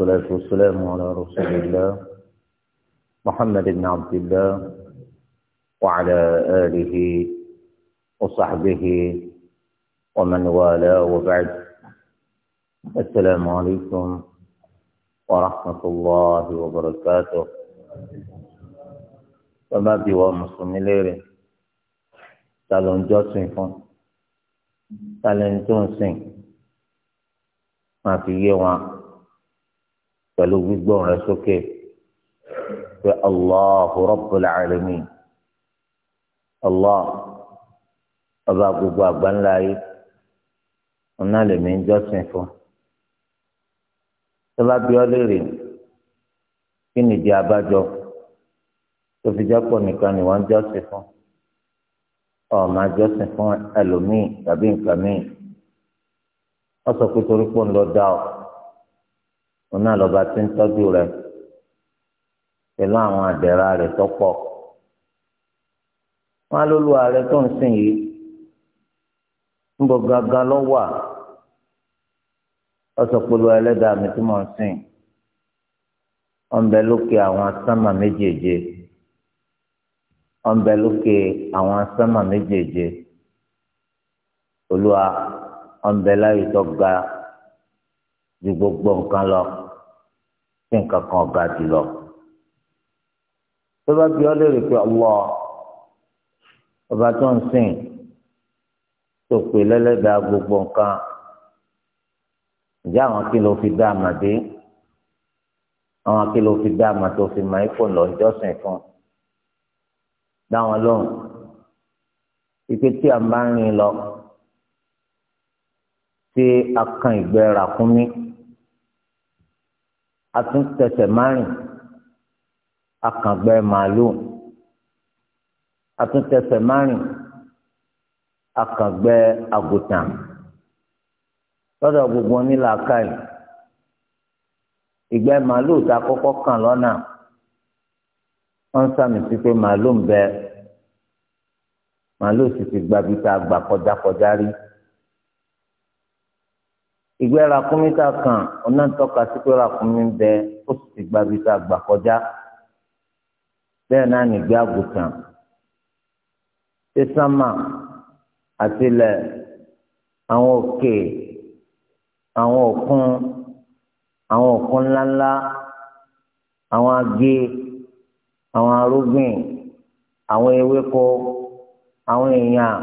والصلاة والسلام على رسول الله محمد بن عبد الله وعلى آله وصحبه ومن والاه وبعد السلام عليكم ورحمة الله وبركاته وما بوا مسلمين ليرين قالوا نجوسين فون قالوا نجوسين ما في يوم pẹ̀lú gbígbóhùn rẹ̀ sókè pé allahu rabbul alamin allah ọba gbogbo àgbáńlá yìí ọ̀nà lèmi ń jọ́sìn fún tó bá bí ọ léèrè kí nìdí abájọ tó fi jápọ̀ nìkan ni wọ́n ń jọ́sìn fún ọ̀ máa jọ́sìn fún ẹlòmíì tàbí nǹkan míì wọ́n sọ pé torí pé dá ọ. òun náà lọ́ba tí ń tọ́jú rẹ pẹ̀lú àwọn àdẹ̀rà rẹ tó pọ̀ wọn lólu ààrẹ tó ń sìn yìí ń bọ gangan lọ wà ọsọpọlọ ẹlẹ́dàá mi tí mò ń sìn wọn bẹ lókè ju gbogbo nǹkan lọ tí nǹkan kan ọ̀gá jù lọ. tó bá bí ọ léèrè pé ọwọ́ ọba tó ń sìn tó pè lẹ́lẹ́dàá gbogbo nǹkan ìjà àwọn kí ló fi dá àmàdé àwọn kí ló fi dá àmà tó fi máa ń fò lọ ìjọsìn fún dá wọn lóhùn ike tí a máa ń rìn lọ tí a kan ìgbẹ́ rà fún mi atúntẹsẹ̀ márùn akàngbẹ́ màálùú atúntẹsẹ̀ márùn akàngbẹ́ àgùtàn lọ́dọ̀ gbogbo onílàákàyè ìgbẹ́ màálùú tá a kọ́kọ́ kàn lọ́nà wọ́n sàmì sí pé màálùú ń bẹ màálùú sì ti gbabi tá a gbà kọjá kọjá rí ìgbẹ́ ràkúnmí ta kàn ọ̀nà tọ́ka sí pé ràkúnmí bẹ ó sì ti gba ibi tá a gbà kọjá bẹ́ẹ̀ náà nìgbẹ́ àgùntàn ṣé sámà àtìlẹ̀ àwọn òkè àwọn òkun àwọn òkun ńláńlá àwọn agé àwọn arúgbìn àwọn ewéko àwọn èèyàn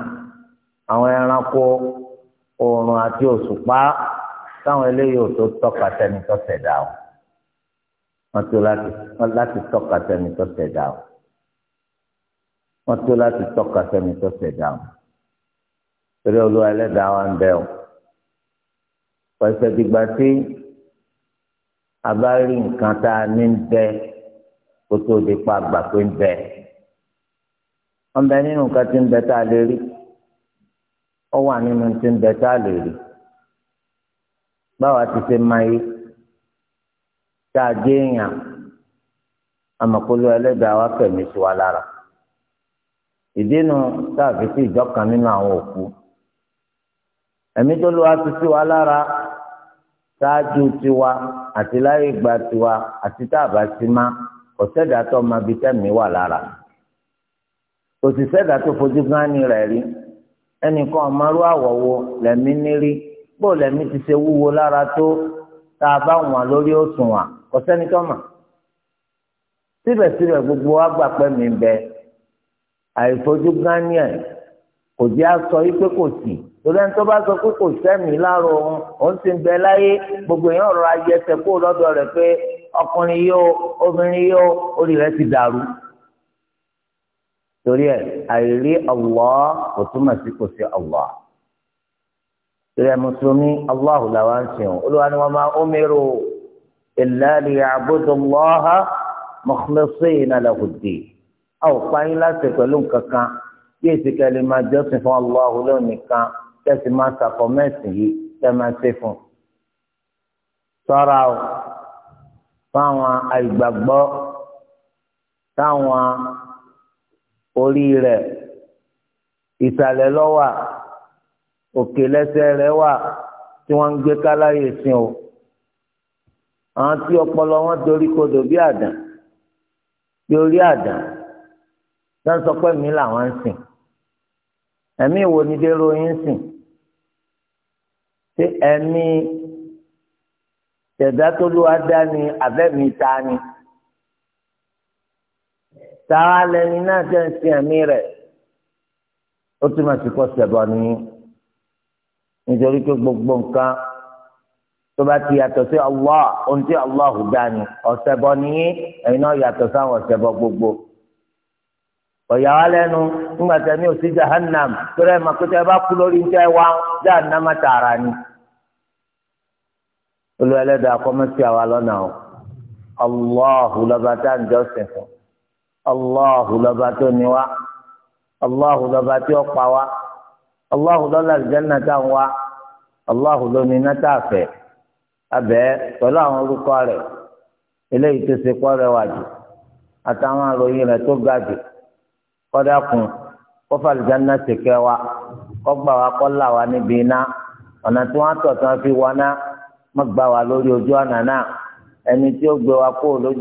àwọn ẹranko oòrùn àti òṣùpá káwọn eléyìí ò tó tọ́ka tẹni tó ṣẹ̀dá o wọ́n tó láti tọ́ka tẹni tó ṣẹ̀dá o wọ́n tó láti tọ́ka tẹni tó ṣẹ̀dá o torí olúwa ẹlẹ́dàá wa ń bẹ o pẹ̀sẹ̀ dìgbà tí a bá rí nǹkan tá a ní ń bẹ kó tó di pa àgbà pé ń bẹ wọ́n bẹ nínú nǹkan tí ń bẹ tá a lè rí ó wà nínú tí ń bẹ tá a lè rí báwa ti ṣe máa yí tá a jẹ́ èèyàn amọ̀kóló ẹlẹ́dàá wa fẹ̀mí sí wa lára ìdínú tá a fi sí ìjọkan nínú àwọn òkú ẹ̀mí tó lọ́wọ́ ti sí wa lára ṣáájú tiwa àti láyé ìgbà tiwa àti tá a bá sí má kò sẹ́dá tó máa bi tẹ́mi wà lára kò sì sẹ́dá tó fojú gánni rẹ̀ rí ẹnìkan ọ̀mọ́rú àwọ̀ wo lẹ́mí ní bóòlù ẹ̀mí ti ṣe wúwo lára tó tá a bá wọn lórí òṣùwọ̀n kò sẹ́ni tó mọ̀ síbẹ̀síbẹ̀ gbogbo wa gbà pé mi bẹ àìfojú gánìẹ̀ kò jẹ́ àsọ yìí pé kò sí torí ẹni tó bá sọ pé kò sẹ́mi láàrọ̀ òun òun ti ń bẹ láyé gbogbo èèyàn rọra yẹ ẹsẹ̀ kó lọ́dọ̀ rẹ̀ pé ọkùnrin yóò obìnrin yóò orí rẹ̀ ti dàrú torí ẹ̀ àìrí Allah kò túmọ̀ sí kò sí Allah ìrẹ mùsùlùmí Allahu làwọn ń sìn olúwa ni wọn máa umiru illa liya'budu Allaha mukhlisina lahud-din a ò pa yín láti pẹ̀lú nǹkan kan bí èsì kẹlẹ́ máa jọ́sìn fún Allahu lónìí kan kẹ́sì máa sàkọ́ mẹ́sìn yìí kẹ́ máa ṣe fún un. sọ́ra o fáwọn àìgbàgbọ́ táwọn orí rẹ̀ ìsàlẹ̀ lọ́wọ́ à òkè lẹ́sẹ̀ rẹ̀ wà tí wọ́n ń gbé káláyè sí o àwọn tí ọpọlọ wọn dorí kodò bí àdán bí orí àdán tó ń sọ pé mi làwọn ń sìn ẹ̀mí ìwò ni dèrò yín sìn ṣé ẹ̀mí tẹ̀dá tó lù ádá ni àbẹ́mi ta ni táwa lẹni náà tẹ̀ ń sin ẹ̀mí rẹ̀ ó túmọ̀ sí kọ́ sẹ̀bọ̀ nìyí nítorí pé gbogbo nǹkan tó bá ti yàtọ̀ sí Allah ohun tí Allah dá ni ọ̀sẹ̀bọ nìyí ẹ̀yin náà yàtọ̀ sáwọn ọ̀sẹ̀bọ gbogbo. ọ̀yà wa lẹ́nu nígbà tẹ̀mí ò sí jahannam torí ẹ̀ màkútẹ́ bá kú lórí ń tẹ́ wá jahannama tààrà ni. olú ẹlẹ́dàá kọ́mẹ́sì àwa lọ́nà o Allahu lọ́ba tá à ń jọ́sìn fún Allahu lọ́ba tó ní wa Allahu lọ́ba tí ó pa wa. Allahu lọ́la àlùjáná ń wá Allahu lómi iná a fẹ́ abẹ́ pẹ̀lú àwọn orúkọ rẹ̀ eléyìí tó ṣe kọ́ rẹwà jù àtàwọn àròyìn rẹ̀ tó ga jù kọ́dà kọ́fà àlùjáná ti kẹ́ wa kọ́gbà wa kọ́là wa níbi iná ọ̀nà tí wọ́n tọ̀ tí wọ́n fi má lórí ojú ọ̀nà náà ẹni tí ó wa kó lójú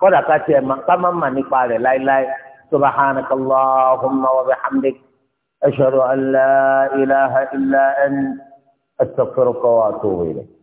kọ́dà ká tiẹ̀ ma ká má mà nípa rẹ̀ láéláé subhanaka allahumma wa bihamdik ashhadu an la ilaha illa ant astaghfiruka wa atubu